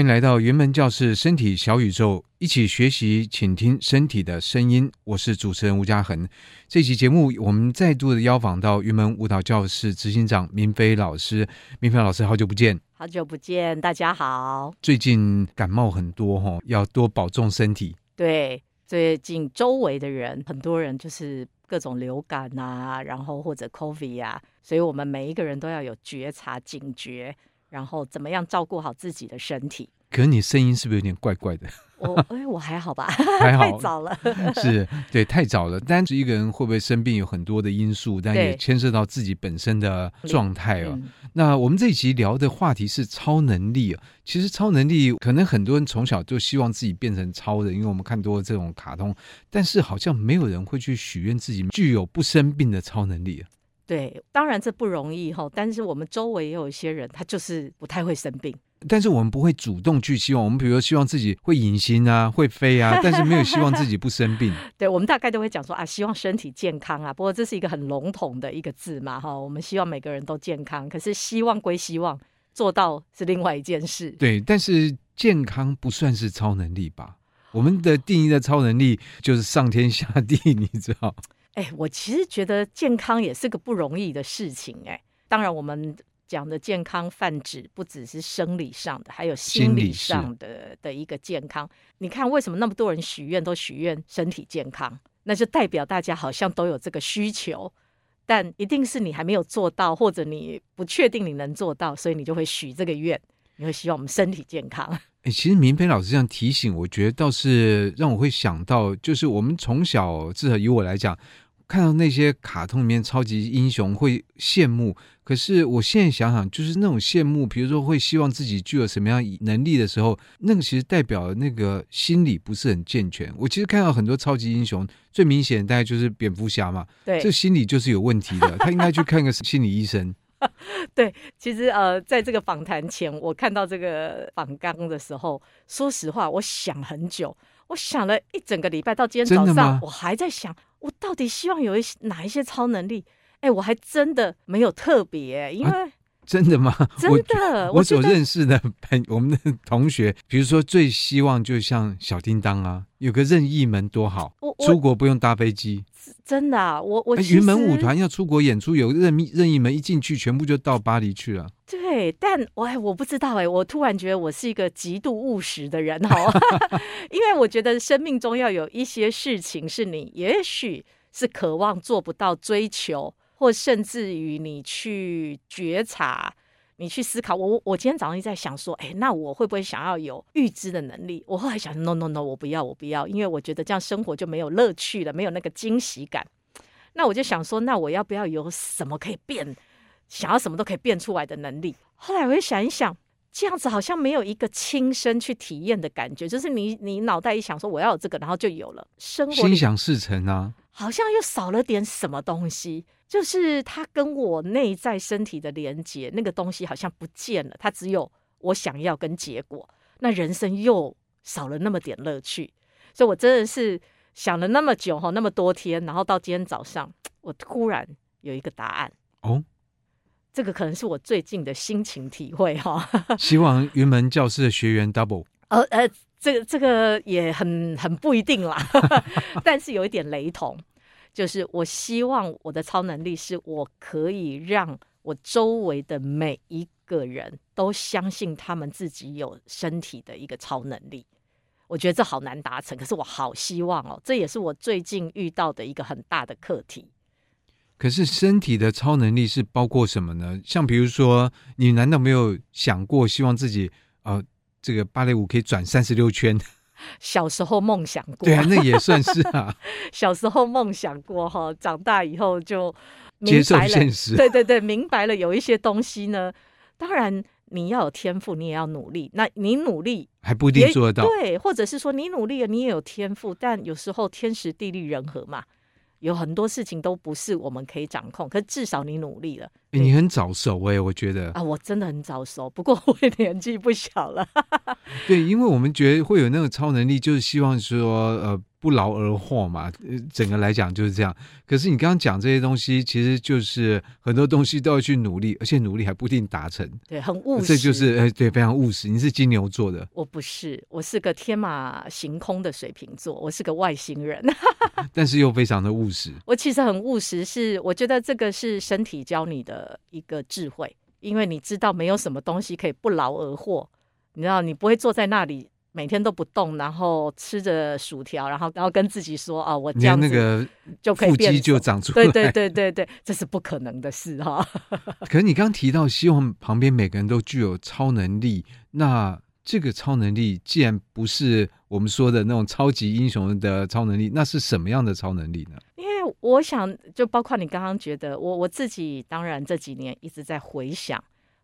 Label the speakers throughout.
Speaker 1: 歡迎來到雲門教室，身體，小宇宙，一起學習，傾聽身體的聲音。我是主持人吳家恆。這期節目，我們再度的邀訪到雲門舞蹈教室執行長明霏老師。明霏老師，好久不見，
Speaker 2: 好久不見，大家好。
Speaker 1: 最近感冒很多哈、哦，要多保重身體。
Speaker 2: 對，最近周圍的人，很多人就是各種流感啊，然後或者 COVID 啊，所以我們每一個人都要有覺察、警覺。然後怎麼樣照顧好自己的身體？
Speaker 1: 可是你聲音是不是有點怪怪的？
Speaker 2: 我哎，我還好吧？ 還好。 太早了， 是
Speaker 1: 對，太早了。但是一個人會不會生病，有很多的因素，但也牽涉到自己本身的狀態哦、啊，對那我們這一集聊的話題是超能力、啊嗯、其實超能力，可能很多人從小就希望自己變成超人，因為我們看多了這種卡通。但是好像沒有人會去許願自己具有不生病的超能力、啊
Speaker 2: 對，當然這不容易哈，但是我們周圍也有一些人，他就是不太會生病。
Speaker 1: 但是我們不會主動去希望，我們比如說希望自己會隱形啊，會飛啊，但是沒有希望自己不生病。
Speaker 2: 對，我們大概都會講說啊，希望身體健康啊，不過這是一個很籠統的一個字嘛哈。我們希望每個人都健康，可是希望歸希望，做到是另外一件事。
Speaker 1: 對，但是健康不算是超能力吧？我們的定義的超能力就是上天下地，你知道。
Speaker 2: 哎，我其實覺得健康也是個不容易的事情哎。當然，我們講的健康泛指不只是生理上的，還有心理上的的一個健康。你看，為什麼那麼多人許願都許願身體健康？那就代表大家好像都有這個需求，但一定是你還沒有做到，或者你不確定你能做到，所以你就會許這個願，你會希望我們身體健康。
Speaker 1: 哎、欸，其實明霏老師這樣提醒，我覺得倒是讓我會想到，就是我們從小，至少以我來講，看到那些卡通裡面超級英雄會羨慕。可是我現在想想，就是那種羨慕，比如說會希望自己具有什麼樣能力的時候，那個其實代表那個心理不是很健全。我其實看到很多超級英雄，最明顯的大概就是蝙蝠俠嘛，對這心理就是有問題的，他應該去看個心理醫生。
Speaker 2: 對，其實呃，在這個訪談前，我看到這個訪綱的時候，說實話，我想很久，我想了一整個禮拜，到今天早上，我還在想，我到底希望有一些哪一些超能力？哎、欸，我還真的沒有特別、欸，因為。啊
Speaker 1: 真的嗎？真的我，我所認識的朋，我們的同學，比如說最希望，就像小叮當啊，有個任意門多好，我我出國不用搭飛機。
Speaker 2: 真的，啊，我我欸，雲門舞團
Speaker 1: 要出國演出，有任意任意門一進去，全部就到巴黎去了。
Speaker 2: 對，但哎我，我不知道哎，欸，我突然覺得我是一個極度務實的人哦， 因為我覺得生命中要有一些事情是你也許是渴望做不到追求。或甚至於你去覺察，你去思考。我我今天早上一直在想說，哎、欸，那我會不會想要有預知的能力？我後來想，no no no，我不要，我不要，因為我覺得這樣生活就沒有樂趣了，沒有那個驚喜感。那我就想說，那我要不要有什麼可以變，想要什麼都可以變出來的能力？後來我就想一想，這樣子好像沒有一個親身去體驗的感覺，就是你你腦袋一想說我要有這個，然後就有了生活，心想
Speaker 1: 事成啊。
Speaker 2: 好像又少了點什麼東西，就是他跟我內在身體的連接，那個東西好像不見了。他只有我想要跟結果，那人生又少了那麼點樂趣。所以我真的是想了那麼久哈，那麼多天，然後到今天早上，我突然有一個答案哦。這個可能是我最近的心情體會哈。呵呵
Speaker 1: 希望雲門教室的學員 double、
Speaker 2: 哦呃這個這個也很很不一定啦， 但是有一點雷同，就是我希望我的超能力是我可以讓我周圍的每一個人都相信他們自己有身體的一個超能力。我覺得這好難達成，可是我好希望哦，這也是我最近遇到的一個很大的課題。
Speaker 1: 可是身體的超能力是包括什麼呢？像比如說，你難道沒有想過希望自己呃，這個芭蕾舞可以轉三十六圈，
Speaker 2: 小時候夢想過，對啊，那也算是啊。 小時候夢想過哈，長大以後就接受現實。對對對，明白了，有一些東西呢，當然你要有天賦，你也要努力。那你努力
Speaker 1: 還不一定做得到，對，
Speaker 2: 或者是說你努力了，你也有天賦，但有時候天時地利人和嘛。有很多事情都不是我們可以掌控，可至少你努力了。
Speaker 1: 欸，你很早熟哎，欸，我覺得
Speaker 2: 啊，我真的很早熟，不過我年紀不小了。
Speaker 1: 對，因為我們覺得會有那個超能力，就是希望說呃。不勞而獲嘛？呃，整個來講就是這樣。可是你剛剛講這些東西，其實就是很多東西都要去努力，而且努力還不一定達成。對，很務實。這就是呃，對，非常務實。你是金牛座的？
Speaker 2: 我不是，我是個天馬行空的水瓶座，我是個外星人。
Speaker 1: 但是又非常的務實。
Speaker 2: 我其實很務實是，是我覺得這個是身體教你的一個智慧，因為你知道沒有什麼東西可以不勞而獲，你知道你不會坐在那裡，每天都不動，然後吃着薯條，然後然後跟自己說啊、哦，我將那個腹肌就長出來。對對對對對，這是不可能的事哈、啊。
Speaker 1: 可是你剛提到希望旁邊每個人都具有超能力，那這個超能力既然不是我們說的那種超級英雄的超能力，那是什麼樣的超能力呢？
Speaker 2: 因為我想，就包括你剛剛覺得我我自己，當然這幾年一直在回想，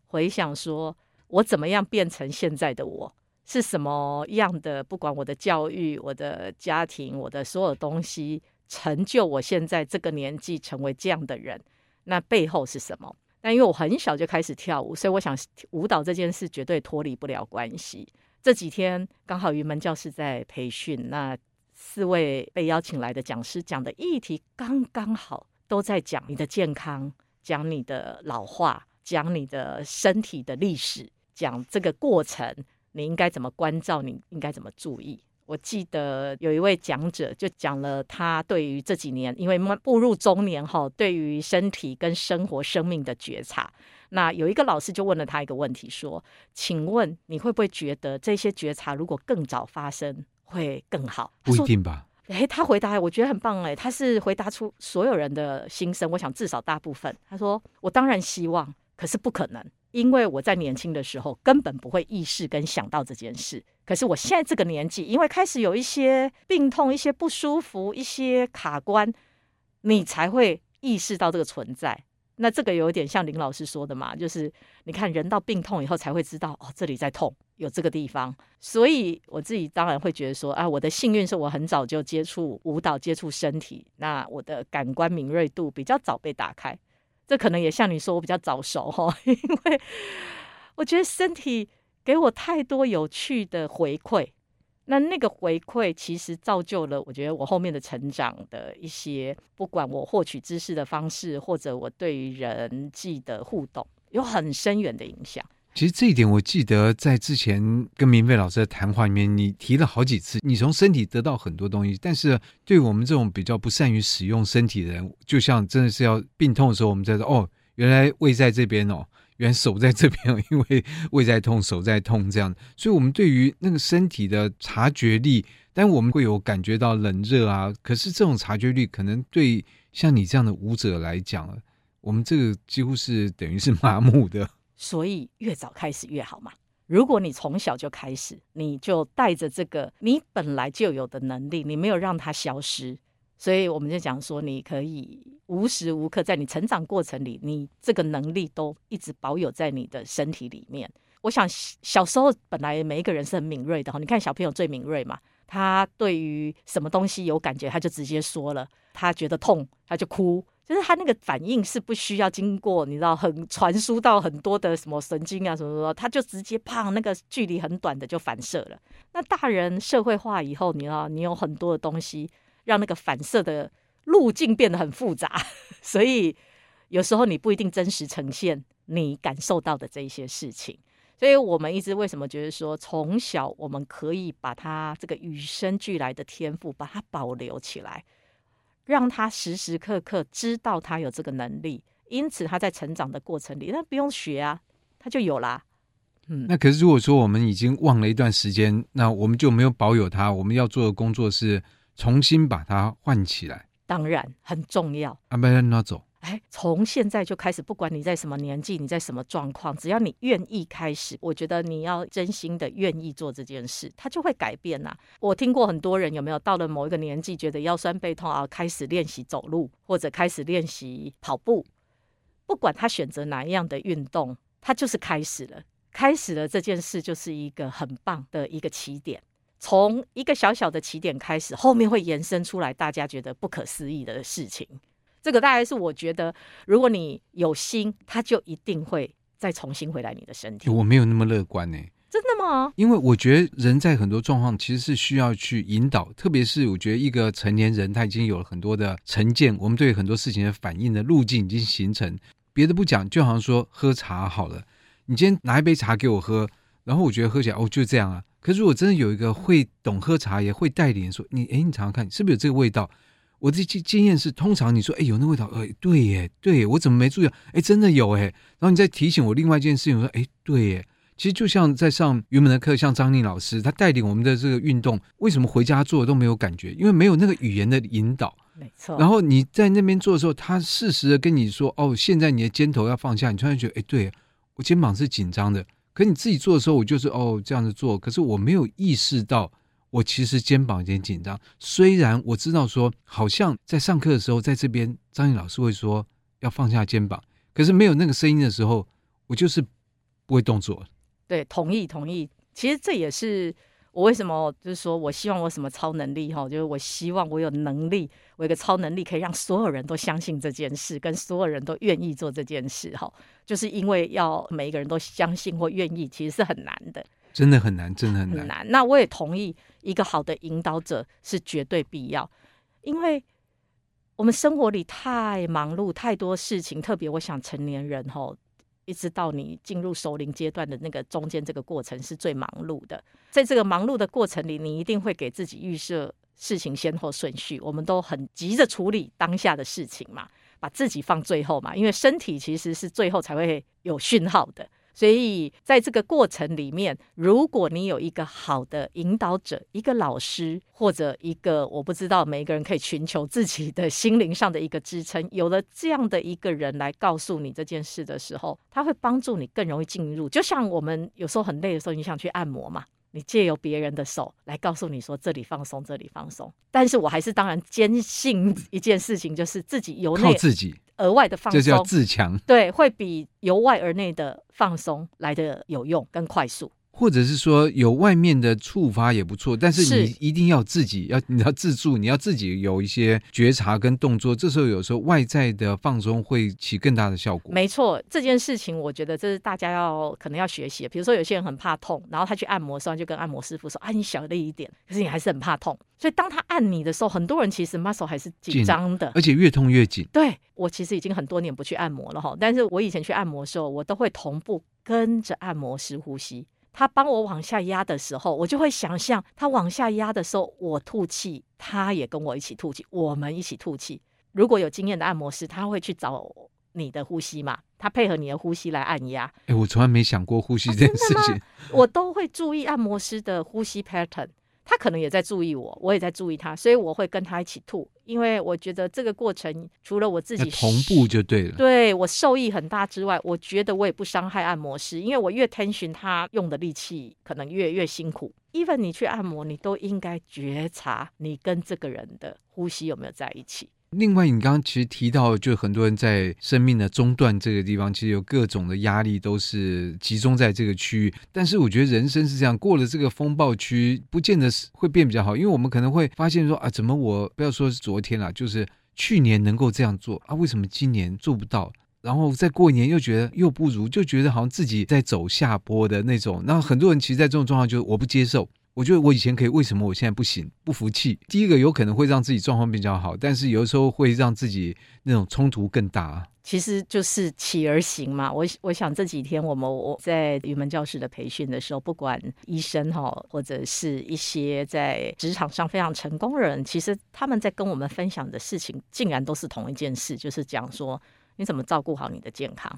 Speaker 2: 回想說我怎麼樣變成現在的我。是什麼樣的？不管我的教育、我的家庭、我的所有東西，成就我現在這個年紀成為這樣的人，那背後是什麼？那因為我很小就開始跳舞，所以我想舞蹈這件事絕對脫離不了關係。這幾天剛好雲門教室在培訓，那四位被邀請來的講師講的議題剛剛好，都在講你的健康，講你的老化，講你的身體的歷史，講這個過程。你應該怎麼關照？你應該怎麼注意？我記得有一位講者就講了他對於這幾年，因為步入中年哈，對於身體跟生活生命的覺察。那有一個老師就問了他一個問題，說：“請問你會不會覺得這些覺察如果更早發生會更好？”不一定吧？欸，他回答，我覺得很棒欸，他是回答出所有人的心聲。我想至少大部分，他說：“我當然希望，可是不可能。”因為我在年輕的時候根本不會意識跟想到這件事，可是我現在這個年紀，因為開始有一些病痛、一些不舒服、一些卡關，你才會意識到這個存在。那這個有點像林老師說的嘛，就是你看人到病痛以後才會知道哦，這裡在痛，有這個地方。所以我自己當然會覺得說，啊，我的幸運是我很早就接觸舞蹈、接觸身體，那我的感官敏銳度比較早被打開。這可能也像你說，我比較早熟哈、哦，因為我覺得身體給我太多有趣的回饋，那那個回饋其實造就了我覺得我後面的成長的一些，不管我獲取知識的方式，或者我對於人際的互動，有很深遠的影響。
Speaker 1: 其實這一點，我記得在之前跟明霏老師的談話裡面，你提了好幾次。你從身體得到很多東西，但是對我們這種比較不善於使用身體的人，就像真的是要病痛的時候，我們在說哦，原來胃在這邊哦，原來手在這邊哦，因為胃在痛，手在痛這樣。所以，我們對於那個身體的察覺力，但我們會有感覺到冷熱啊。可是這種察覺力，可能對像你這樣的舞者來講，我們這個幾乎是等於是麻木的。
Speaker 2: 所以越早開始越好嘛。如果你從小就開始，你就帶着這個你本來就有的能力，你沒有讓它消失。所以我們就講說，你可以無時無刻在你成長過程裡，你這個能力都一直保有在你的身體裡面。我想小時候本來每一個人是很敏銳的哈，你看小朋友最敏銳嘛，他對於什麼東西有感覺，他就直接說了，他覺得痛，他就哭。就是他那個反應是不需要經過，你知道，很傳輸到很多的什麼神經啊，什麼什麼，他就直接啪，那個距離很短的就反射了。那大人社會化以後，你知道，你有很多的東西讓那個反射的路徑變得很複雜，所以有時候你不一定真實呈現你感受到的這些事情。所以我們一直為什麼覺得說，從小我們可以把他這個與生俱來的天賦把它保留起來。讓他時時刻刻知道他有這個能力，因此他在成長的過程裡，那不用學啊，他就有啦。嗯，
Speaker 1: 那可是如果說我們已經忘了一段時間，那我們就沒有保有他。我們要做的工作是重新把它喚起來，
Speaker 2: 當然很重要。
Speaker 1: 安排、啊、他走。
Speaker 2: 哎，從現在就開始，不管你在什麼年紀，你在什麼狀況，只要你願意開始，我覺得你要真心的願意做這件事，它就會改變啦啊。我聽過很多人有沒有到了某一個年紀，覺得腰酸背痛啊，開始練習走路或者開始練習跑步，不管他選擇哪一樣的運動，他就是開始了，開始了這件事就是一個很棒的一個起點。從一個小小的起點開始，後面會延伸出來大家覺得不可思議的事情。這個大概是我覺得，如果你有心，他就一定會再重新回來你的身
Speaker 1: 體。我沒有那麼樂觀呢，真的嗎？因為我覺得人在很多狀況其實是需要去引導，特別是我覺得一個成年人，他已經有了很多的成見，我們對很多事情的反應的路徑已經形成。別的不講，就好像說喝茶好了，你今天拿一杯茶給我喝，然後我覺得喝起來哦就這樣啊。可是如果真的有一個會懂喝茶，也會帶領說你，哎，你嘗嘗看，是不是有這個味道？我的經經驗是，通常你說，哎、欸，有那味道，哎，對耶，對耶，我怎麼沒注意？哎、欸，真的有哎。然後你再提醒我另外一件事情，我說，哎、欸，對耶。其實就像在上原本的課，像張寧老師，他帶領我們的這個運動，為什麼回家做都沒有感覺？因為沒有那個語言的引導，沒錯。然後你在那邊做的時候，他適時的跟你說，哦，現在你的肩頭要放下，你突然覺得，哎、欸，對，我肩膀是緊張的，可是你自己做的時候，我就是哦這樣子做，可是我沒有意識到。我其實肩膀有點緊張，雖然我知道說，好像在上課的時候，在這邊張毅老師會說要放下肩膀，可是沒有那個聲音的時候，我就是不會動作。
Speaker 2: 對，同意同意。其實這也是我為什麼就是說我希望我什麼超能力哈，就是我希望我有能力，我有個超能力可以讓所有人都相信這件事，跟所有人都願意做這件事哈，就是因為要每一個人都相信或願意，其實是很難的。
Speaker 1: 真的很難，真的很難，很
Speaker 2: 難。那我也同意，一個好的引導者是絕對必要，因為我們生活裡太忙碌，太多事情。特別，我想成年人吼、哦，一直到你進入熟齡階段的那個中間，這個過程是最忙碌的。在這個忙碌的過程裡，你一定會給自己預設事情先後順序。我們都很急着處理當下的事情嘛，把自己放最後嘛，因為身體其實是最後才會有訊號的。所以，在這個過程裡面，如果你有一個好的引導者，一個老師，或者一個我不知道，每一個人可以尋求自己的心靈上的一個支撐。有了這樣的一個人來告訴你這件事的時候，他會幫助你更容易進入。就像我們有時候很累的時候，你想去按摩嘛，你借由別人的手來告訴你說這裡放鬆，這裡放鬆。但是我還是當然堅信一件事情，就是自己由內靠自己。額外的放鬆，就是要自強，對，會比由外而內的放鬆來的有用跟快速。
Speaker 1: 或者是說有外面的觸發也不錯，但是你一定要自己是，要你要自助，你要自己有一些覺察跟動作。這時候有時候外在的放鬆會起更大的效果。
Speaker 2: 沒錯，這件事情我覺得這是大家要可能要學習。比如說有些人很怕痛，然後他去按摩時候就跟按摩師傅說：“啊，你小力一點。”可是你還是很怕痛，所以當他按你的時候，很多人其實 muscle 還是緊張的，而且
Speaker 1: 越痛越緊。
Speaker 2: 對，我其實已經很多年不去按摩了哈，但是我以前去按摩的時候，我都會同步跟着按摩師呼吸。他幫我往下壓的時候，我就會想象他往下壓的時候，我吐氣，他也跟我一起吐氣，我們一起吐氣。如果有經驗的按摩師，他會去找你的呼吸嘛，他配合你的呼吸來按壓。
Speaker 1: 欸，我從來沒想過呼吸這件事情。啊，
Speaker 2: 我都會注意按摩師的呼吸 pattern。他可能也在注意我，我也在注意他，所以我會跟他一起吐，因為我覺得這個過程除了我自己同步就對了。對，我受益很大之外，我覺得我也不傷害按摩師，因為我越探尋他用的力氣，可能越越辛苦。Even 你去按摩，你都應該覺察你跟這個人的呼吸有沒有在一起。
Speaker 1: 另外，你剛剛其實提到，就很多人在生命的中段這個地方，其實有各種的壓力，都是集中在這個區域。但是，我覺得人生是這樣，過了這個風暴區，不見得會變比較好，因為我們可能會發現說啊，怎麼我不要說是昨天了，就是去年能夠這樣做啊，為什麼今年做不到？然後再過一年，又覺得又不如，就覺得好像自己在走下坡的那種。那很多人其實在這種狀況，就是我不接受。我覺得我以前可以，為什麼我現在不行？不服氣。第一個有可能會讓自己狀況比較好，但是有的時候會讓自己那種衝突更大。
Speaker 2: 其實就是起而行嘛。我我想這幾天我們我在雲門教室的培訓的時候，不管醫生哈、哦，或者是一些在職場上非常成功的人，其實他們在跟我們分享的事情，竟然都是同一件事，就是講說你怎麼照顧好你的健康。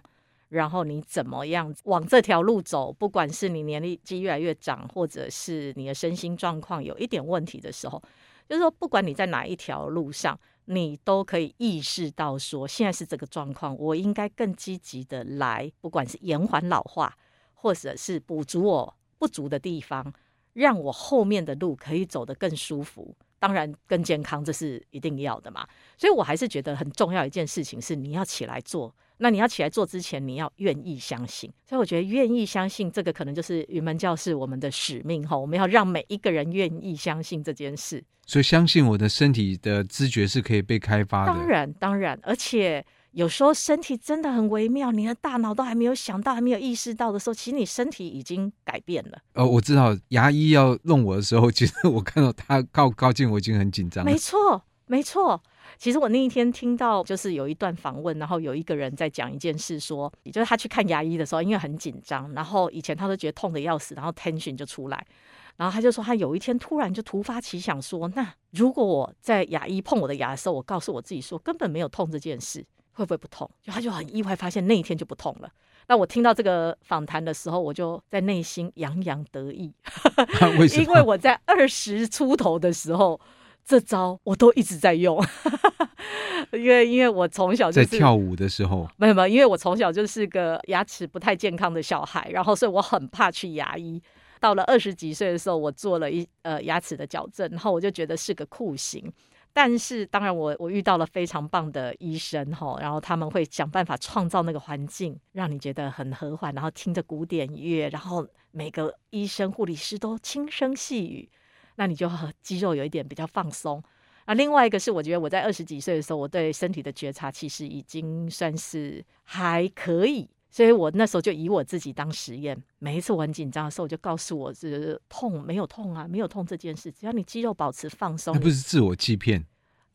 Speaker 2: 然後你怎麼樣往這條路走？不管是你年紀越來越長，或者是你的身心狀況有一點問題的時候，就是說，不管你在哪一條路上，你都可以意識到說，現在是這個狀況，我應該更積極地來，不管是延緩老化，或者是補足我不足的地方，讓我後面的路可以走得更舒服，當然更健康，這是一定要的嘛。所以我還是覺得很重要一件事情是，你要起來做。那你要起來做之前，你要願意相信。所以我覺得願意相信這個，可能就是雲門教室我們的使命哈。我們要讓每一個人願意相信這件事。
Speaker 1: 所以相信我的身體的知覺是可以被開發的。當
Speaker 2: 然，當然，而且有時候身體真的很微妙，你的大腦都還沒有想到，還沒有意識到的時候，其實你身體已經改變了。
Speaker 1: 呃、哦，我知道牙醫要弄我的時候，其實我看到他靠靠近我已經很緊張了。沒
Speaker 2: 錯，沒錯。其實我那一天聽到就是有一段訪問，然後有一個人在講一件事，說，就是他去看牙醫的時候，因為很緊張，然後以前他都覺得痛得要死，然後 tension 就出來，然後他就說他有一天突然就突發奇想說，那如果我在牙醫碰我的牙的時候，我告訴我自己說根本沒有痛這件事，會不會不痛？就他就很意外發現那一天就不痛了。那我聽到這個訪談的時候，我就在內心洋洋得意，為 因為我在二十出頭的時候。這招我都一直在用 因、因為因為我從小就在跳舞的時候，沒有沒有，因為我從小就是個牙齒不太健康的小孩，然後所以我很怕去牙醫。到了二十幾歲的時候，我做了一呃牙齒的矯正，然後我就覺得是個酷刑。但是當然我，我我遇到了非常棒的醫生哈，然後他們會想辦法創造那個環境，讓你覺得很和緩，然後聽着古典音樂，然後每個醫生、護理師都輕聲細語。那你就肌肉有一點比較放鬆啊。另外一個是，我覺得我在二十幾歲的時候，我對身體的覺察其實已經算是還可以，所以我那時候就以我自己當實驗。每一次我很緊張的時候，我就告訴我是痛，沒有痛啊，沒有痛這件事，只要你肌肉保持放鬆，你那不是自我欺騙？誒、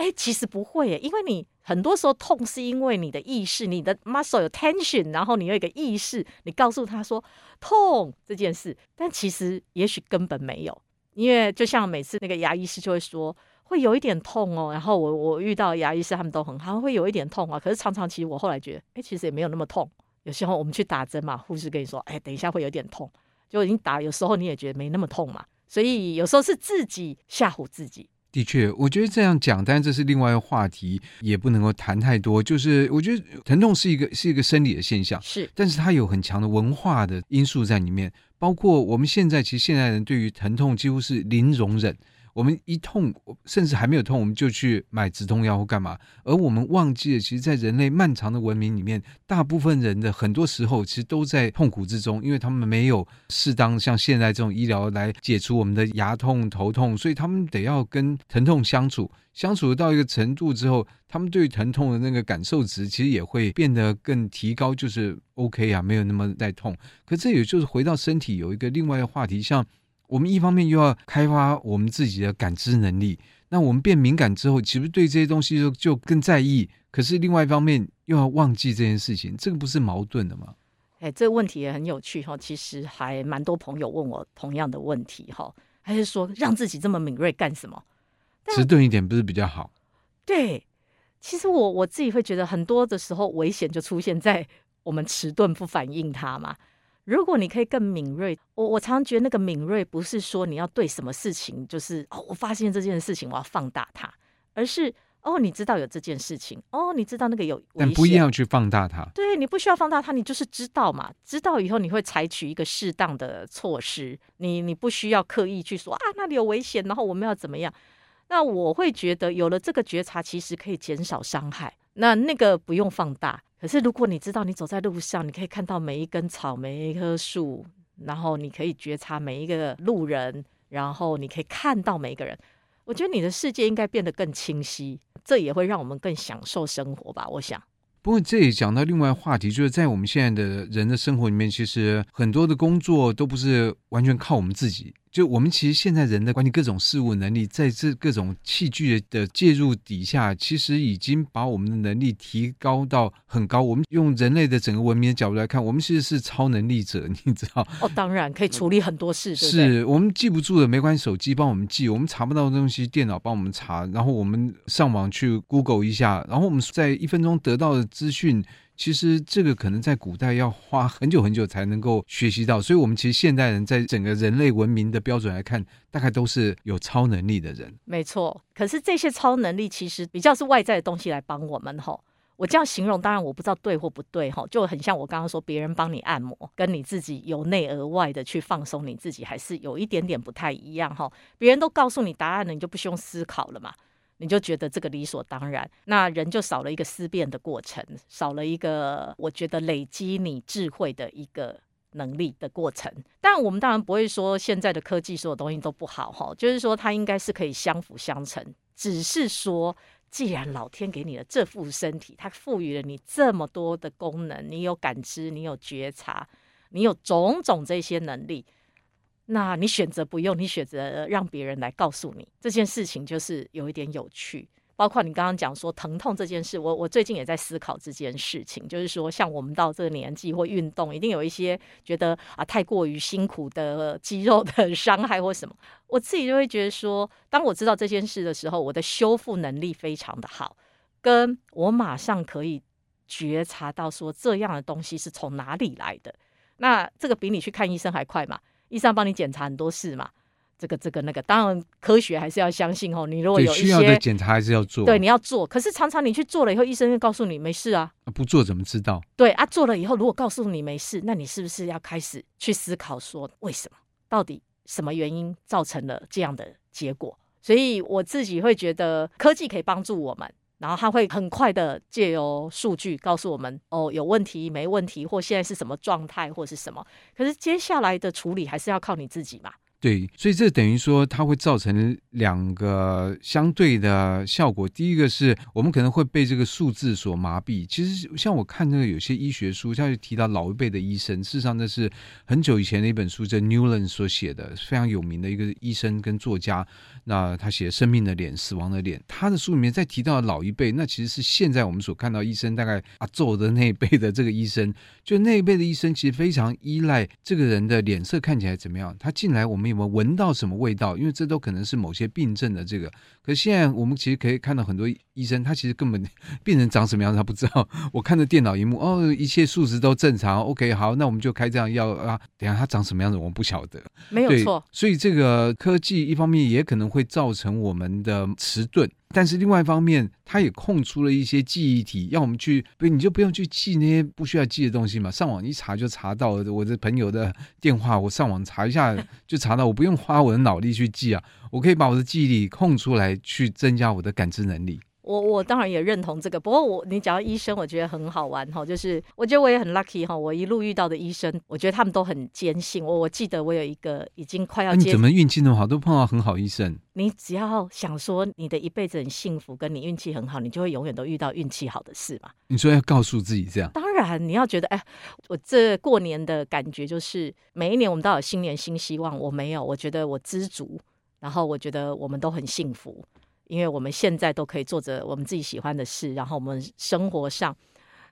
Speaker 2: 欸，其實不會、欸，因為你很多時候痛是因為你的意識，你的 muscle 有 tension，然後你有一個意識，你告訴他說痛這件事，但其實也許根本沒有。因為就像每次那個牙醫師就會說會有一點痛哦，然後我我遇到牙醫師他們都很好，會有一點痛啊。可是常常其實我後來覺得，哎，其實也沒有那麼痛。有時候我們去打針嘛，護士跟你說，哎，等一下會有點痛，就已經打。有時候你也覺得沒那麼痛嘛，所以有時候是自己嚇唬自己。
Speaker 1: 的確，我覺得這樣講，當然這是另外一個話題，也不能夠談太多。就是我覺得疼痛是一個是一個生理的現象，是，但是它有很強的文化的因素在裡面。包括我們現在，其實，現代人對於疼痛幾乎是零容忍。我們一痛，甚至還沒有痛，我們就去買止痛藥或幹嘛，而我們忘記了，其實，在人類漫長的文明裡面，大部分人的很多時候其實都在痛苦之中，因為他們沒有適當像現在這種醫療來解除我們的牙痛、頭痛，所以他們得要跟疼痛相處，相處到一個程度之後，他們對疼痛的那個感受值其實也會變得更提高，就是 OK 啊，沒有那麼在痛。可這也就是回到身體有一個另外一個話題，像。我們一方面又要開發我們自己的感知能力，那我們變敏感之後，其實對這些東西就就更在意，可是另外一方面又要忘記這件事情，這個不是矛盾的嗎？
Speaker 2: 哎、欸，這個問題也很有趣哈。其實還蠻多朋友問我同樣的問題哈，還是說，讓自己這麼敏銳幹什麼？
Speaker 1: 遲鈍一點不是比較好？
Speaker 2: 對，其實我我自己會覺得，很多的時候危險就出現在我們遲鈍不反應它嘛。如果你可以更敏銳，我我常覺得那個敏銳不是說你要對什麼事情，就是哦，我發現這件事情我要放大它，而是哦，你知道有這件事情，哦，你知道那個有危險，但不一定要
Speaker 1: 去放大它。對，
Speaker 2: 你不需要放大它，你就是知道嘛，知道以後你會採取一個適當的措施。你你不需要刻意去說啊，那裡有危險，然後我們要怎麼樣？那我會覺得有了這個覺察，其實可以減少傷害。那那個不用放大。可是，如果你知道你走在路上，你可以看到每一根草，每一棵樹，然後你可以覺察每一個路人，然後你可以看到每一個人。我覺得你的世界應該變得更清晰，這也會讓我們更享受生活吧。我想。
Speaker 1: 不過，這裡講到另外一個話題，就是在我們現在的人的生活裡面，其實很多的工作都不是完全靠我們自己。就我們其實現在人的關係各種事物能力，在這各種器具的介入底下，其實已經把我們的能力提高到很高。我們用人類的整個文明的角度來看，我們其實是超能力者，你知道？
Speaker 2: 哦，當然可以處理很多事，對不對？是
Speaker 1: 我們記不住的，沒關係，手機幫我們記，我們查不到的東西，電腦幫我們查，然後我們上網去 Google 一下，然後我們在一分鐘得到的資訊。其實這個可能在古代要花很久很久才能夠學習到，所以我們其實現代人在整個人類文明的標準來看，大概都是有超能力的人。
Speaker 2: 沒錯，可是這些超能力其實比較是外在的東西來幫我們吼，我這樣形容，當然我不知道對或不對哈，就很像我剛剛說別人幫你按摩，跟你自己由內而外的去放鬆你自己，還是有一點點不太一樣哈。別人都告訴你答案了，你就不需要思考了嘛。你就覺得這個理所當然，那人就少了一個思辨的過程，少了一個我覺得累積你智慧的一個能力的過程。但我們當然不會說現在的科技所有東西都不好哈、哦，就是說它應該是可以相輔相成。只是說，既然老天給你的這副身體，它賦予了你這麼多的功能，你有感知，你有覺察，你有種種這些能力。那你選擇不用，你選擇讓別人來告訴你這件事情，就是有一點有趣。包括你剛剛講說疼痛這件事，我我最近也在思考這件事情，就是說，像我們到這個年紀或運動，一定有一些覺得啊太過於辛苦的肌肉的傷害或什麼，我自己就會覺得說，當我知道這件事的時候，我的修復能力非常的好，跟我馬上可以覺察到說這樣的東西是從哪裡來的。那這個比你去看醫生還快嘛？醫生幫你檢查很多事嘛，這個這個那個，當然科學還是要相信齁，你如果有一些需要的檢查，
Speaker 1: 還是要做。對，你要
Speaker 2: 做。可是常常你去做了以後，醫生就告訴你沒事啊，
Speaker 1: 啊。不做怎麼知道？
Speaker 2: 對啊，做了以後如果告訴你沒事，那你是不是要開始去思考說為什麼？到底什麼原因造成了這樣的結果？所以我自己會覺得科技可以幫助我們。然後他會很快的借由數據告訴我們，哦，有問題、沒問題，或現在是什麼狀態，或是什麼。可是接下來的處理還是要靠你自己嘛。
Speaker 1: 對，所以這等於說它會造成兩個相對的效果。第一個是我們可能會被這個數字所麻痹。其實像我看那個有些醫學書，它就提到老一輩的醫生，事實上那是很久以前的一本書，叫 Newland 所寫的，非常有名的一個醫生跟作家。那他寫《生命的臉》《死亡的臉》，他的書裡面再提到老一輩，那其實是現在我們所看到醫生大概啊走的那一輩的這個醫生，就那一輩的醫生其實非常依賴這個人的臉色看起來怎麼樣，他進來我們。我們聞到什麼味道？因為這都可能是某些病症的這個。可是現在我們其實可以看到很多醫生，他其實根本病人長什麼樣子他不知道。我看着電腦熒幕，哦，一切數值都正常。OK，好，那我們就開這樣藥啊。等下他長什麼樣子，我們不曉得。沒有錯對，錯所以這個科技一方面也可能會造成我們的遲鈍。但是另外一方面，他也空出了一些記憶體，要我們去不，你就不用去記那些不需要記的東西嘛。上網一查就查到我的朋友的電話，我上網查一下就查到，我不用花我的腦力去記啊，我可以把我的記憶力空出來，去增加我的感知能力。
Speaker 2: 我我當然也認同這個，不過我你講到醫生，我覺得很好玩哈、哦，就是我覺得我也很 lucky 哈、哦，我一路遇到的醫生，我覺得他們都很堅信我。我記得我有一個已經快要，啊、你怎麼
Speaker 1: 運氣那麼好，都碰到很好醫生？
Speaker 2: 你只要想說你的一輩子很幸福，跟你運氣很好，你就會永遠都遇到運氣好的事嘛。
Speaker 1: 你說要告訴自己這樣？
Speaker 2: 當然你要覺得，哎，我這過年的感覺就是每一年我們都有新年新希望。我沒有，我覺得我知足，然後我覺得我們都很幸福。因為我們現在都可以做着我們自己喜歡的事，然後我們生活上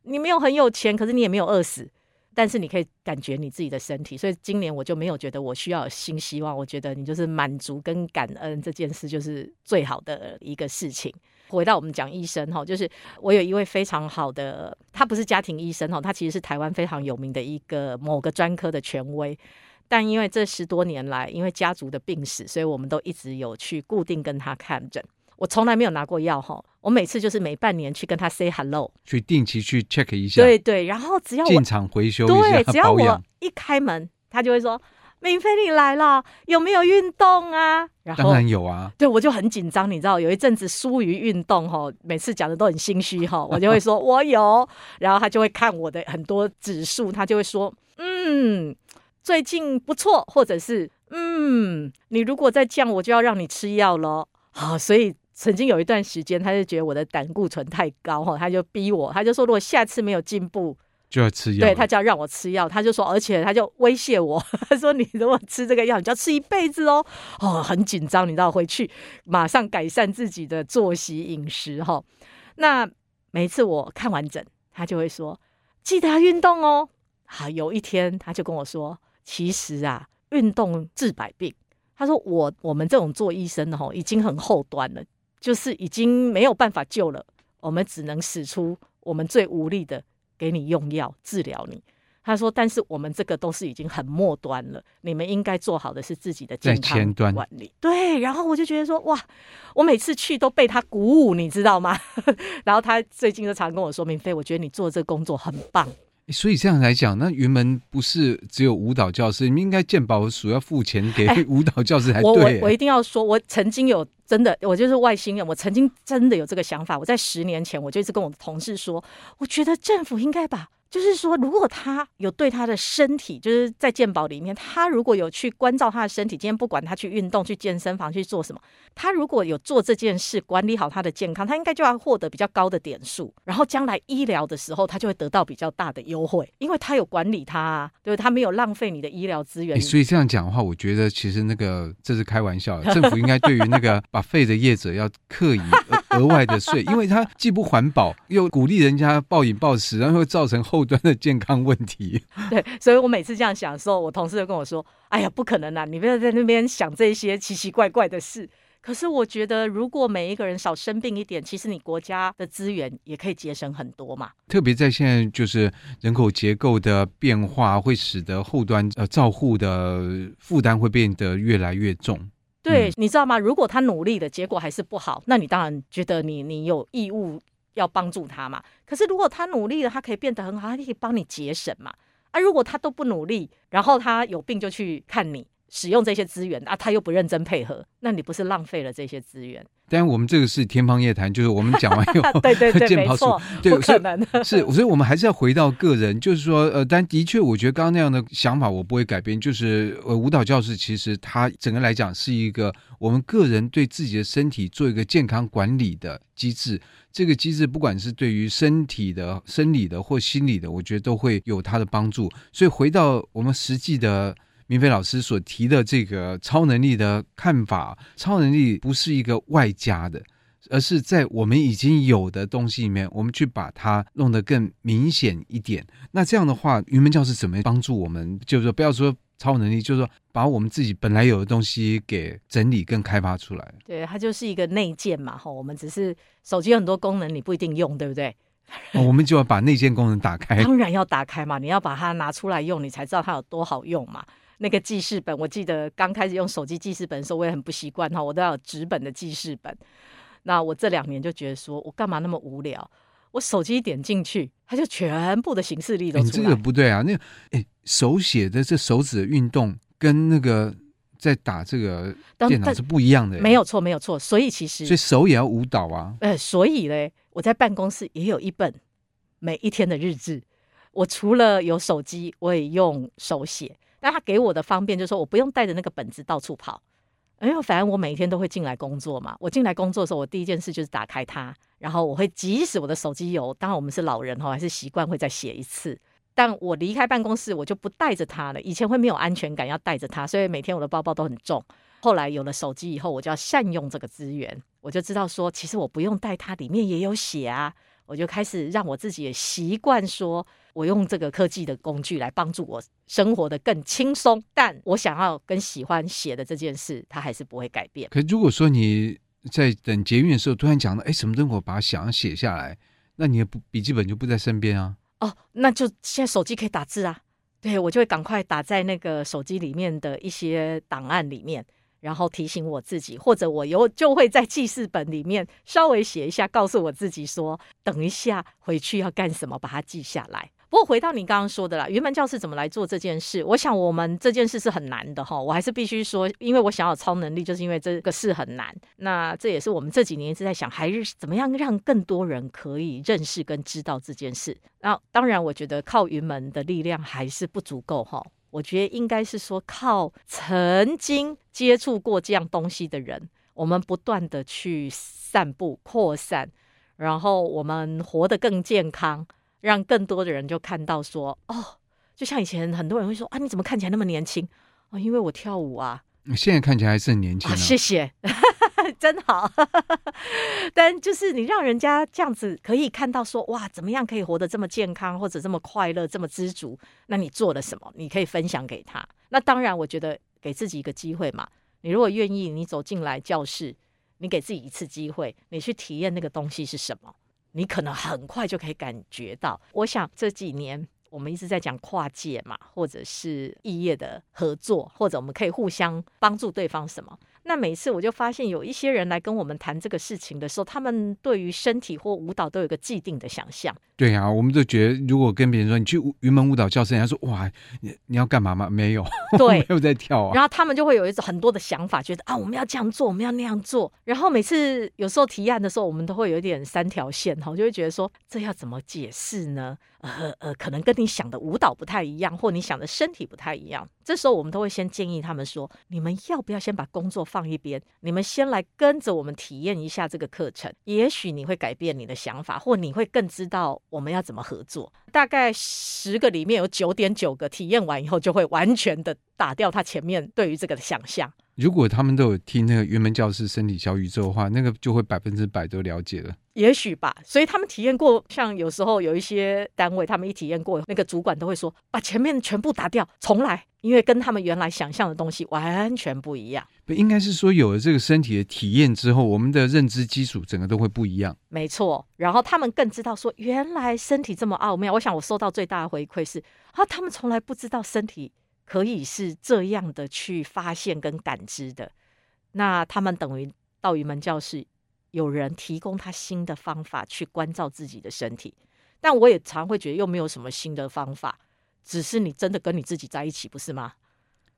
Speaker 2: 你沒有很有錢，可是你也沒有餓死，但是你可以感覺你自己的身體，所以今年我就沒有覺得我需要有新希望。我覺得你就是滿足跟感恩這件事，就是最好的一個事情。回到我們講醫生哈，就是我有一位非常好的，他不是家庭醫生哈，他其實是台灣非常有名的一個某個專科的權威，但因為這十多年來，因為家族的病史，所以我們都一直有去固定跟他看診。我從來沒有拿過藥哈，我每次就是每半年去跟他 say hello，
Speaker 1: 去定期去 check 一下，對
Speaker 2: 對，然後只要我進
Speaker 1: 廠維修，對，保養。只要我
Speaker 2: 一開門，他就會說：“明霏，你來了，有沒有運動啊？”然後當然有啊，對，我就很緊張，你知道，有一陣子疏於運動哈，每次講的都很心虛哈，我就會說：“我有。” 然後他就會看我的很多指數，他就會說：“嗯，最近不錯，或者是嗯，你如果再降，我就要讓你吃藥了。”啊，好，所以。曾經有一段時間，他就覺得我的膽固醇太高哈，他就逼我，他就說如果下次沒有進步，
Speaker 1: 就要吃藥，對他就
Speaker 2: 要讓我吃藥，他就說，而且他就威脅我，他說你如果吃這個藥，你就要吃一輩子哦，哦，很緊張，你知道，回去馬上改善自己的作息飲食哈。那每一次我看完診，他就會說記得要運動哦。好，有一天他就跟我說，其實啊，運動治百病。他說我我們這種做醫生的哈，已經很後端了。就是已經沒有辦法救了，我們只能使出我們最無力的，給你用藥治療你。他說：“但是我們這個都是已經很末端了，你們應該做好的是自己的健康管理。”對，然後我就覺得說：“哇，我每次去都被他鼓舞，你知道嗎？” 然後他最近就常跟我說，明霏，我覺得你做這個工作很棒。
Speaker 1: 所以這樣來講，那雲門不是只有舞蹈教室，你們應該健保署要付錢給舞蹈教室才對，欸欸。我我我一
Speaker 2: 定要說，我曾經有真的，我就是外星人，我曾經真的有這個想法。我在十年前，我就一直跟我同事說，我覺得政府應該把。就是說，如果他有對他的身體，就是在健保裡面，他如果有去關照他的身體，今天不管他去運動、去健身房去做什麼，他如果有做這件事，管理好他的健康，他應該就要獲得比較高的點數，然後將來醫療的時候，他就會得到比較大的優惠，因為他有管理他、啊，對，對，他沒有浪費你的醫療資源、欸。所
Speaker 1: 以這樣講的話，我覺得其實那個這是開玩笑的，政府應該對於那個 buffet 的業者要刻意額外的稅，因為它既不環保，又鼓勵人家暴飲暴食，然後會造成後端的健康問題。
Speaker 2: 對，所以我每次這樣想的時候，我同事就跟我說：“哎呀，不可能啊！你不要在那邊想這些奇奇怪怪的事。”可是我覺得，如果每一個人少生病一點，其實你國家的資源也可以節省很多嘛。
Speaker 1: 特別在現在，就是人口結構的變化，會使得後端，呃，照護的負擔會變得越來越重。
Speaker 2: 對，你知道嗎？如果他努力的結果還是不好，那你當然覺得你你有義務要幫助他嘛。可是如果他努力了，他可以變得很好，他可以幫你節省嘛。啊，如果他都不努力，然後他有病就去看你，使用這些資源啊，他又不認真配合，那你不是浪費了這些資源？
Speaker 1: 但我們這個是天方夜譚，就是我們講完又 對對對，健沒錯，不可能的。是，所以，我們還是要回到個人，就是說，呃，但的確，我覺得剛剛那樣的想法我不會改變。就是，呃，舞蹈教室其實它整個來講是一個我們個人對自己的身體做一個健康管理的機制。這個機制不管是對於身體的、生理的或心理的，我覺得都會有它的幫助。所以，回到我們實際的。明霏老師所提的這個超能力的看法，超能力不是一個外加的，而是在我們已經有的東西裡面，我們去把它弄得更明顯一點。那這樣的話，雲門教室怎麼幫助我們？就是說不要說超能力，就是說把我們自己本來有的東西給整理更開發出來。
Speaker 2: 對，它就是一個內建嘛，哈，我們只是手機有很多功能，你不一定用，對不對？
Speaker 1: 哦，我們就要把內建功能打開。 當
Speaker 2: 然要打開嘛，你要把它拿出來用，你才知道它有多好用嘛。那個記事本，我記得剛開始用手機記事本的時候，我也很不習慣哈，我都要有紙本的記事本。那我這兩年就覺得說，說我幹嘛那麼無聊？我手機點進去，它就全部的行事曆都出來、欸，你這個
Speaker 1: 不對啊，那個、欸、手寫的這手指的運動跟那個在打這個電腦是不一樣的、欸。沒有
Speaker 2: 錯，沒有錯。所以其實，所以
Speaker 1: 手也要舞蹈啊。
Speaker 2: 呃，所以嘞，我在辦公室也有一本每一天的日誌。我除了有手機，我也用手寫。但他給我的方便就是說，我不用帶着那個本子到處跑，因為反正我每天都會進來工作嘛。我進來工作的時候，我第一件事就是打開它，然後我會即使我的手機有，當然我們是老人吼、哦，還是習慣會再寫一次。但我離開辦公室，我就不帶着它了。以前會沒有安全感，要帶着它，所以每天我的包包都很重。後來有了手機以後，我就要善用這個資源，我就知道說，其實我不用帶它，裡面也有寫啊。我就開始讓我自己也習慣說，我用這個科技的工具來幫助我生活得更輕鬆。但我想要跟喜歡寫的這件事，它還是不會改變。
Speaker 1: 可如果說你在等捷運的時候突然講到，哎、欸，什麼東西，把想要寫下來，那你的筆記本就不在身邊啊？
Speaker 2: 哦，那就現在手機可以打字啊。對，我就會趕快打在那個手機裡面的一些檔案裡面。然後提醒我自己，或者我又就會在記事本裡面稍微寫一下，告訴我自己說，等一下回去要幹什麼，把它記下來。不過回到你剛剛說的啦，雲門教室怎麼來做這件事？我想我們這件事是很難的哈，我還是必須說，因為我想要有超能力，就是因為這個事很難。那這也是我們這幾年一直在想，還是怎麼樣讓更多人可以認識跟知道這件事。那當然，我覺得靠雲門的力量還是不足夠哈。我覺得應該是說，靠曾經接觸過這樣東西的人，我們不斷地去散布、擴散，然後我們活得更健康，讓更多的人就看到說，哦，就像以前很多人會說啊，你怎麼看起來那麼年輕？哦，因為我跳舞啊。
Speaker 1: 現在看起來還是很年輕啊！啊謝
Speaker 2: 謝。 真好呵呵，但就是你讓人家這樣子可以看到說，說哇，怎麼樣可以活得這麼健康，或者這麼快樂，這麼知足？那你做了什麼？你可以分享給他。那當然，我覺得給自己一個機會嘛。你如果願意，你走進來教室，你給自己一次機會，你去體驗那個東西是什麼，你可能很快就可以感覺到。我想這幾年我們一直在講跨界嘛，或者是異業的合作，或者我們可以互相幫助對方什麼。那每次我就發現有一些人來跟我們談這個事情的時候，他們對於身體或舞蹈都有一個既定的想象
Speaker 1: 對啊，我們就覺得如果跟別人說，你去雲門舞蹈教室，人家說哇，你你要幹嘛嗎？沒有，對沒有在跳啊。然後
Speaker 2: 他們就會有一種很多的想法，覺得啊，我們要這樣做，我們要那樣做。然後每次有時候提案的時候，我們都會有一點三條線哈，我就會覺得說，這要怎麼解釋呢？呃呃，可能跟你想的舞蹈不太一樣，或你想的身體不太一樣。這時候我們都會先建議他們說：“你們要不要先把工作放一邊，你們先來跟着我們體驗一下這個課程？也許你會改變你的想法，或你會更知道我們要怎麼合作。”大概十個裡面有九點九個體驗完以後，就會完全的打掉他前面對於這個的想象。
Speaker 1: 如果他們都有聽那個雲門教室身體小宇宙的話，那個就會百分之百都了解了。
Speaker 2: 也許吧，所以他們體驗過，像有時候有一些單位，他們一體驗過，那個主管都會說：“把前面全部打掉，重來，因為跟他們原來想象的東西完全不一樣。”不，
Speaker 1: 不應該是說有了這個身體的體驗之後，我們的認知基礎整個都會不一樣。
Speaker 2: 沒錯，然後他們更知道說，原來身體這麼奧妙。我想我收到最大的回饋是啊，他們從來不知道身體可以是這樣的去發現跟感知的。那他們等於到雲門教室。有人提供他新的方法去關照自己的身體，但我也常會覺得又沒有什麼新的方法，只是你真的跟你自己在一起，不是嗎？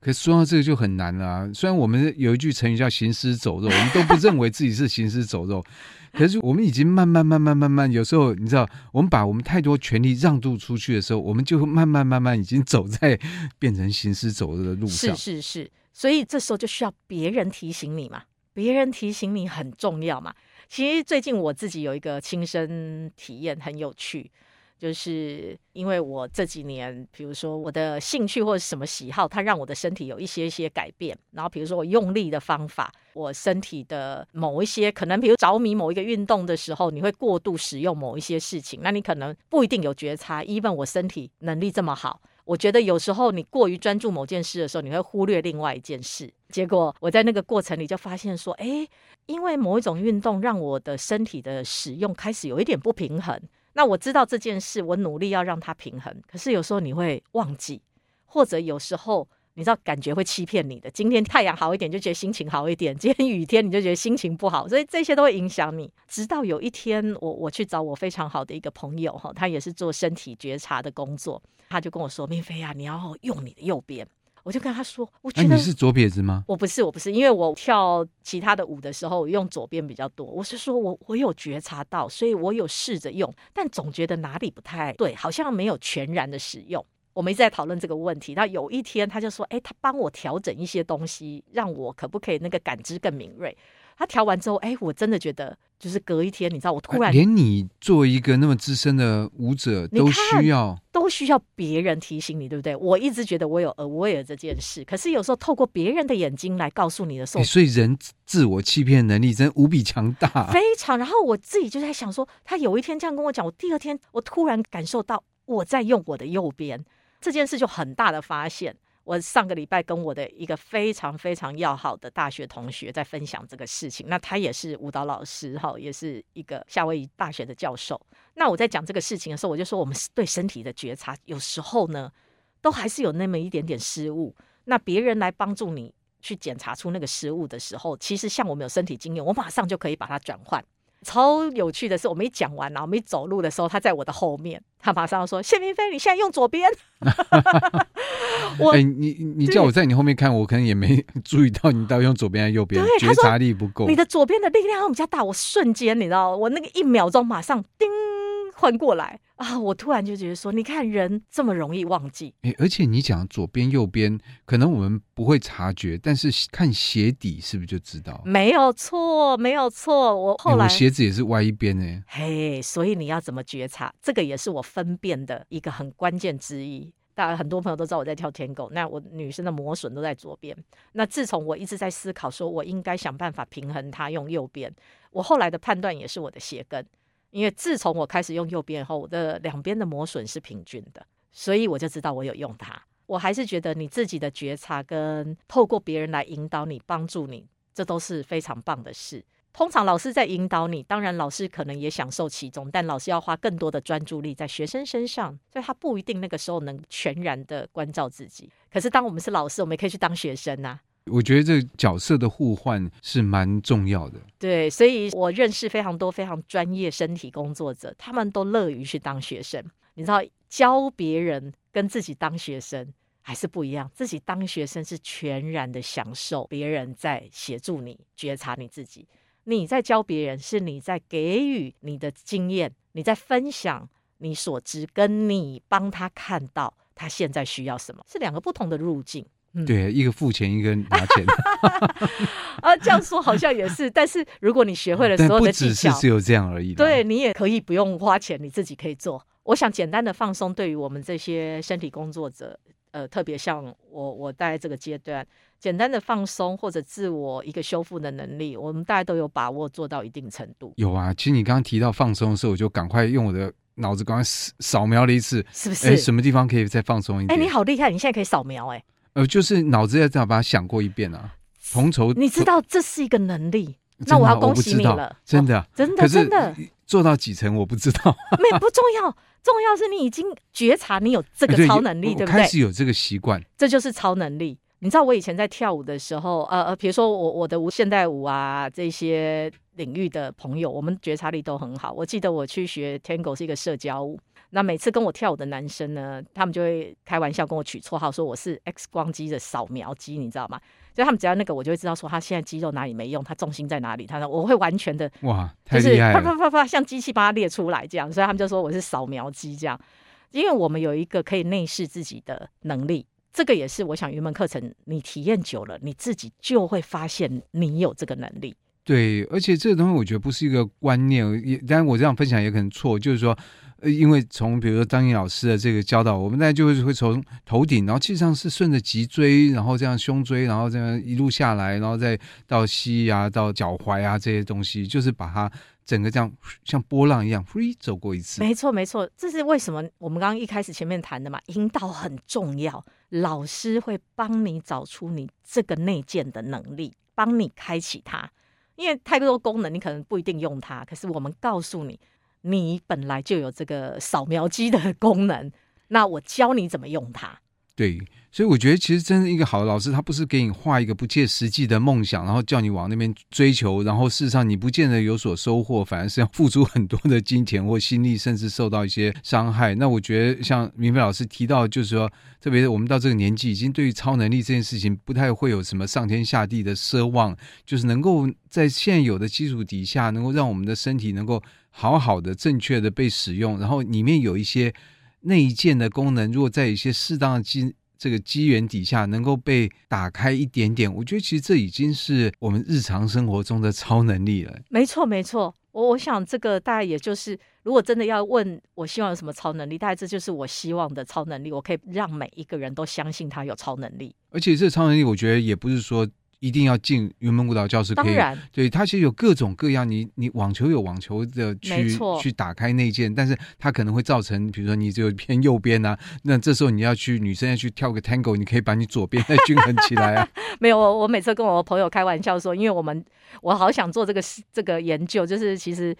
Speaker 1: 可是說到這個就很難了啊。雖然我們有一句成語叫“行屍走肉”，我們都不認為自己是行屍走肉， 可是我們已經慢慢、慢慢、慢慢，有時候你知道，我們把我們太多權利讓渡出去的時候，我們就慢慢、慢慢已經走在變成行屍走肉的路上。是
Speaker 2: 是是，所以這時候就需要別人提醒你嘛。別人提醒你很重要嘛。其實最近我自己有一個親身體驗，很有趣，就是因為我這幾年，比如說我的興趣或者什麼喜好，它讓我的身體有一些一些改變。然後比如說我用力的方法，我身體的某一些可能，比如着迷某一個運動的時候，你會過度使用某一些事情，那你可能不一定有覺察，因為我身體能力這麼好。我覺得有時候你過於專注某件事的時候，你會忽略另外一件事。結果我在那個過程裡就發現說，哎，因為某一種運動讓我的身體的使用開始有一點不平衡。那我知道這件事，我努力要讓它平衡。可是有時候你會忘記，或者有時候。你知道感覺會欺騙你的。今天太陽好一點，就覺得心情好一點；今天雨天，你就覺得心情不好。所以這些都會影響你。直到有一天，我我去找我非常好的一個朋友哈、哦，他也是做身體覺察的工作，他就跟我說：“明霏呀，你要用你的右邊。”我就跟他說：“我覺得你是左撇子嗎？”“我不是，我不是，因為我跳其他的舞的時候我用左邊比較多。”我是說我我有覺察到，所以我有試着用，但總覺得哪裡不太對，好像沒有全然的使用。我們一直在討論這個問題。那有一天，他就說：“哎、欸，他幫我調整一些東西，讓我可不可以那個感知更敏銳？”他調完之後，哎、欸，我真的覺得，就是隔一天，你知道，我突然連
Speaker 1: 你作為一個那麼資深的舞者，都需要
Speaker 2: 都需要別人提醒你，對不對？我一直覺得我有 aware 這件事，可是有時候透過別人的眼睛來告訴你的時候、欸，所
Speaker 1: 以人自我欺騙能力真無比強大、啊，非
Speaker 2: 常。然後我自己就在想說，他有一天這樣跟我講，我第二天我突然感受到我在用我的右邊。這件事就很大的發現。我上個禮拜跟我的一個非常非常要好的大學同學在分享這個事情，那他也是舞蹈老師，哈，也是一個夏威夷大學的教授。那我在講這個事情的時候，我就說我們對身體的覺察有時候呢，都還是有那麼一點點失誤。那別人來幫助你去檢查出那個失誤的時候，其實像我們有身體經驗，我馬上就可以把它轉換。超有趣的是我們一，我沒講完啦，我們一走路的時候，他在我的後面，他馬上說：“謝明霏，你現在用左邊。”
Speaker 1: 我，你你叫我在你後面看，我可能也沒注意到你到底用左邊還是右邊，對覺察力不夠。你的
Speaker 2: 左邊的力量比較大，我瞬間你知道，我那個一秒鐘馬上叮。換過來啊！我突然就覺得說，你看人這麼容易忘記。
Speaker 1: 哎、欸，而且你講左邊右邊，可能我們不會察覺，但是看鞋底是不是就知道？
Speaker 2: 沒有錯，沒有錯。我後來、欸、我鞋
Speaker 1: 子也是歪一邊呢、
Speaker 2: 欸。嘿，所以你要怎麼覺察？這個也是我分辨的一個很關鍵之一。當然，很多朋友都知道我在跳探戈，那我女生的磨損都在左邊。那自從我一直在思考，說我應該想辦法平衡它，用右邊。我後來的判斷也是我的鞋跟。因為自從我開始用右邊以後，我的兩邊的磨損是平均的，所以我就知道我有用它。我還是覺得你自己的覺察跟透過別人來引導你、幫助你，這都是非常棒的事。通常老師在引導你，當然老師可能也享受其中，但老師要花更多的專注力在學生身上，所以他不一定那個時候能全然的關照自己。可是當我們是老師，我們可以去當學生啊。
Speaker 1: 我覺得這角色的互換是蠻重要的。
Speaker 2: 對，所以我認識非常多非常專業身體工作者，他們都樂於去當學生。你知道，教別人跟自己當學生還是不一樣。自己當學生是全然的享受，別人在協助你覺察你自己；你在教別人，是你在給予你的經驗，你在分享你所知，跟你幫他看到他現在需要什麼，是兩個不同的路徑。
Speaker 1: 嗯、對，一個付錢，一個拿錢。
Speaker 2: 啊，這樣說好像也是，但是如果你學會了所有的技巧，不只是只有這樣而已。對，你也可以不用花錢，你自己可以做。我想簡單的放鬆，對於我們這些身體工作者，呃，特別像我，我在這個階段，簡單的放鬆或者自我一個修復的能力，我們大家都有把握做到一定程度。
Speaker 1: 有啊，其實你剛剛提到放鬆的時候，我就趕快用我的腦子剛剛掃描了一次，是不是誒？什麼地方可以再放鬆一點？哎，你
Speaker 2: 好厲害，你現在可以掃描哎、欸。
Speaker 1: 呃，就是腦子要這樣把它想過一遍啊，統籌，你知道
Speaker 2: 這是一個能力，嗯、那我要恭喜你了，
Speaker 1: 真的、啊，真的，真的做到幾成我不知道，
Speaker 2: 沒不重要，重要是你已經覺察你有這個超能力，對不、欸、對？開始
Speaker 1: 有這個習慣，對對這，
Speaker 2: 這就是超能力。你知道我以前在跳舞的時候，呃呃，比如說我我的無現代舞啊這些領域的朋友，我們覺察力都很好。我記得我去學 Tango 是一個社交舞。那每次跟我跳舞的男生呢，他們就會開玩笑跟我取綽號，說我是 X 光機的掃描機，你知道嗎？所以他們只要那個，我就會知道說他現在肌肉哪裡沒用，他重心在哪裡，他，說我會完全的
Speaker 1: 哇，就是啪啪
Speaker 2: 啪啪，像機器把它列出來這樣。所以他們就說我是掃描機這樣，因為我們有一個可以內視自己的能力，這個也是我想雲門課程，你體驗久了，你自己就會發現你有這個能力。
Speaker 1: 對，而且這個東西我覺得不是一個觀念，也當然我這樣分享也可能錯，就是說。因為從比如說張毅老師的這個教導，我們在就會會從頭頂，然後其實上是順着脊椎，然後這樣胸椎，然後這樣一路下來，然後再到膝呀、啊、到腳踝啊這些東西，就是把它整個這樣像波浪一樣 free 走過一次。沒
Speaker 2: 錯，沒錯，這是為什麼我們剛剛一開始前面談的嘛，引導很重要，老師會幫你找出你這個內建的能力，幫你開啟它，因為太多功能你可能不一定用它，可是我們告訴你。你本來就有這個掃描機的功能，那我教你怎麼用它。
Speaker 1: 對，所以我覺得其實真正一個好的老師，他不是給你畫一個不切實際的夢想，然後叫你往那邊追求，然後事實上你不見得有所收穫，反而是要付出很多的金錢或心力，甚至受到一些傷害。那我覺得像明霏老師提到，就是說，特別是我們到這個年紀，已經對於超能力這件事情不太會有什麼上天、下地的奢望，就是能夠在現有的基礎底下，能夠讓我們的身體能夠。好好的、正確的被使用，然後裡面有一些內建的功能，如果在一些適當的機這個機緣底下，能夠被打開一點點，我覺得其實這已經是我們日常生活中的超能力了。
Speaker 2: 沒錯，沒錯。我我想這個大概也就是，如果真的要問我希望有什麼超能力，大概這就是我希望的超能力。我可以讓每一個人都相信他有超能力，
Speaker 1: 而且這個超能力，我覺得也不是說一定要進雲門舞蹈教室，可以然對它其實有各種各樣。你你網球有網球的去，錯去打開內建，但是它可能會造成，比如說你只有偏右邊啊，那這時候你要去女生要去跳個 tango，你可以把你左邊再均衡起來，啊。
Speaker 2: 沒有，我我每次跟我朋友開玩笑說，因為我們我好想做這個這個研究，就是其實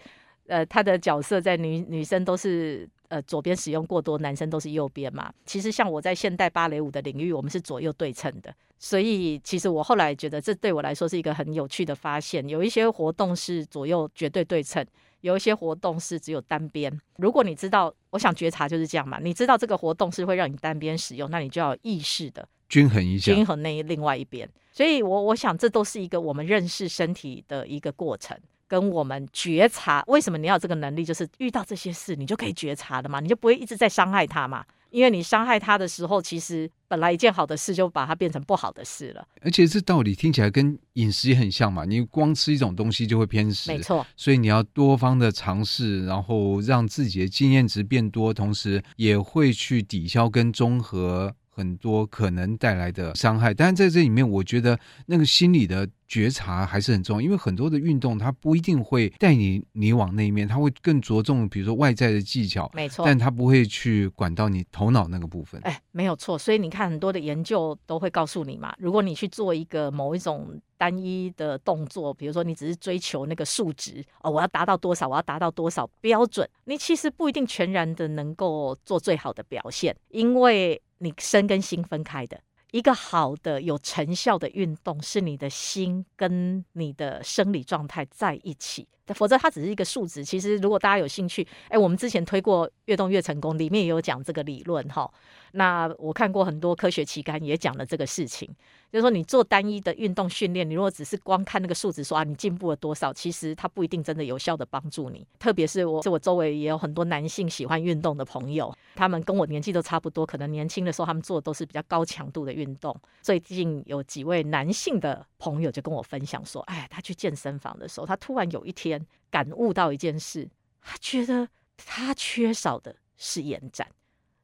Speaker 2: 呃，他的角色在女女生都是。呃，左邊使用過多，男生都是右邊嘛。其實像我在現代芭蕾舞的領域，我們是左右對稱的。所以，其實我後來覺得，這對我來說是一個很有趣的發現。有一些活動是左右絕對對稱，有一些活動是只有單邊。如果你知道，我想覺察就是這樣嘛。你知道這個活動是會讓你單邊使用，那你就要有意識的
Speaker 1: 均衡一下，均衡
Speaker 2: 那一另外一邊。所以我，我我想這都是一個我們認識身體的一個過程。跟我們覺察，為什麼你要有這個能力？就是遇到這些事，你就可以覺察的嘛，你就不會一直在傷害他嘛。因為你傷害他的時候，其實本來一件好的事，就把它變成不好的事了。
Speaker 1: 而且這道理聽起來跟飲食也很像嘛，你光吃一種東西就會偏食，沒錯。所以你要多方的嘗試，然後讓自己的經驗值變多，同時也會去抵消跟綜合。很多可能帶來的傷害，但是在這裡面，我覺得那個心理的覺察還是很重要。因為很多的運動，它不一定會帶你你往那一面，它會更着重，比如說外在的技巧，沒錯。但它不會去管到你頭腦那個部分。哎、
Speaker 2: 欸，沒有錯。所以你看，很多的研究都會告訴你嘛，如果你去做一個某一種單一的動作，比如說你只是追求那個數值，哦，我要達到多少，我要達到多少標準，你其實不一定全然的能夠做最好的表現，因為。你身跟心分開的，一個好的，有成效的運動，是你的心跟你的生理狀態在一起。否則它只是一個數值。其實如果大家有興趣，哎、欸，我們之前推過《越動越成功》，裡面也有講這個理論哈。那我看過很多科學期刊，也講了這個事情，就是說你做單一的運動訓練，你如果只是光看那個數值說啊，你進步了多少，其實它不一定真的有效的幫助你。特別是我，是我周圍也有很多男性喜歡運動的朋友，他們跟我年紀都差不多，可能年輕的時候他們做的都是比較高強度的運動。最近有幾位男性的朋友就跟我分享說，哎，他去健身房的時候，他突然有一天，感悟到一件事。他覺得他缺少的是延展，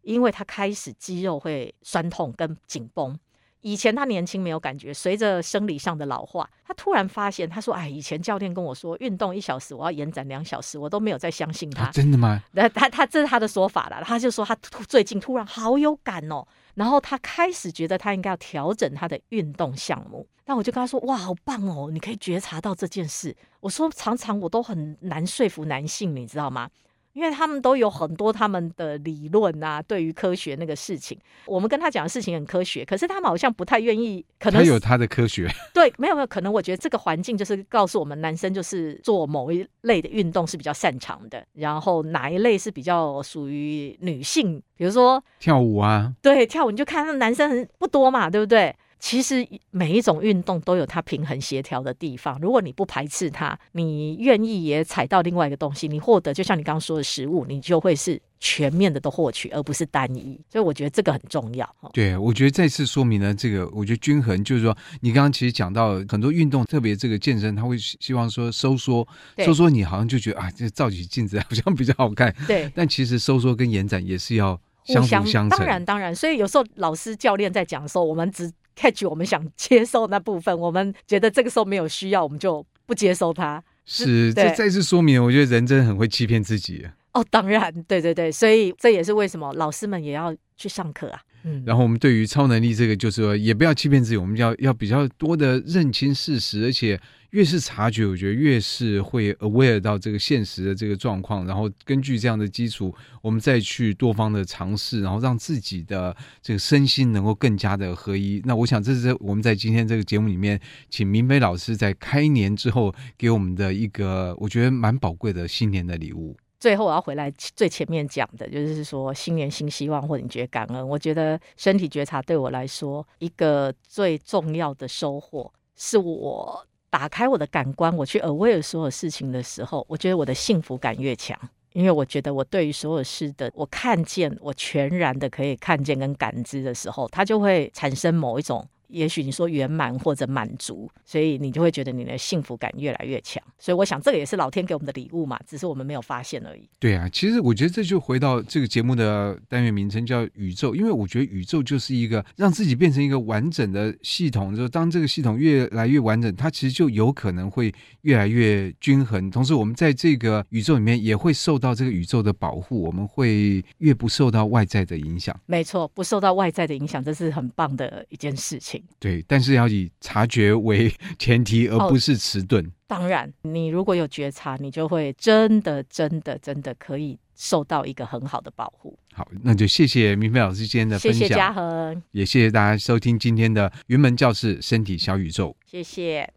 Speaker 2: 因為他開始肌肉會酸痛跟緊繃。以前他年輕沒有感覺，隨着生理上的老化，他突然發現，他說：“哎，以前教練跟我說，運動一小時我要延展兩小時，我都沒有再相信他。啊”真的嗎？那他他這是他的說法了。他就說他最近突然好有感哦，然後他開始覺得他應該要調整他的運動項目。那我就跟他說：“哇，好棒哦，你可以覺察到這件事。”我說：“常常我都很難說服男性，你知道嗎？”因為他們都有很多他們的理論啊，對於科學那個事情，我們跟他講的事情很科學，可是他們好像不太願意。可能他有
Speaker 1: 他的科學。
Speaker 2: 對，沒有沒有，可能我覺得這個環境就是告訴我們，男生就是做某一類的運動是比較擅長的，然後哪一類是比較屬於女性，比如說
Speaker 1: 跳舞啊。
Speaker 2: 對，跳舞你就看男生很不多嘛，對不對？其實每一種運動都有它平衡協調的地方。如果你不排斥它，你願意也踩到另外一個東西，你獲得就像你剛剛說的食物，你就會是全面的都獲取，而不是單一。所以我覺得這個很重要。
Speaker 1: 對，我覺得再次說明呢，這個我覺得均衡就是說，你剛剛其實講到很多運動，特別這個健身，他會希望說收縮，對收縮你好像就覺得啊，這照起鏡子好像比較好看。對，但其實收縮跟延展也是要相輔相成。當然，
Speaker 2: 當然，所以有時候老師教練在講的時候，我們只 catch 我們想接受那部分，我們覺得這個時候沒有需要，我們就不接受它。是，是，這再次
Speaker 1: 說明，我覺得人真的很會欺騙自己
Speaker 2: 啊。哦，當然，對對對，所以這也是為什麼老師們也要去上課啊。
Speaker 1: 然後我們對於超能力這個，就是說也不要欺騙自己，我們要要比較多的認清事實，而且越是察覺，我覺得越是會 aware 到這個現實的這個狀況，然後根據這樣的基礎，我們再去多方的嘗試，然後讓自己的這個身心能夠更加的合一。那我想，這是我們在今天這個節目裡面，請明霏老師在開年之後給我們的一個，我覺得蠻寶貴的新年的禮物。
Speaker 2: 最後我要回來最前面講的，就是說新年新希望，或者你覺得感恩。我覺得身體覺察對我來說，一個最重要的收穫，是我打開我的感官，我去 aware 所有事情的時候，我覺得我的幸福感越強，因為我覺得我對於所有事的，我看見，我全然的可以看見跟感知的時候，它就會產生某一種。也許你說圓滿或者滿足，所以你就會覺得你的幸福感越來越強。所以我想，這個也是老天給我們的禮物嘛，只是我們沒有發現而已。
Speaker 1: 對啊，其實我覺得這就回到這個節目的單元名稱叫宇宙，因為我覺得宇宙就是一個讓自己變成一個完整的系統。就當這個系統越來越完整，它其實就有可能會越來越均衡。同時，我們在這個宇宙裡面也會受到這個宇宙的保護，我們會越不受到外在的影響。
Speaker 2: 沒錯，不受到外在的影響，這是很棒的一件事情。
Speaker 1: 對，但是要以察覺為前提，而不是遲鈍。哦，
Speaker 2: 當然，你如果有覺察，你就會真的、真的、真的可以受到一個很好的保護。
Speaker 1: 好，那就謝謝明霏老師今天的分享，謝謝嘉禾，也謝謝大家收聽今天的雲門教室身體小宇宙。
Speaker 2: 謝謝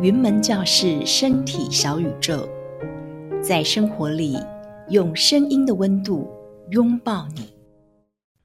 Speaker 2: 雲門教室身體小宇宙，在生活裡用聲音的溫度擁抱你。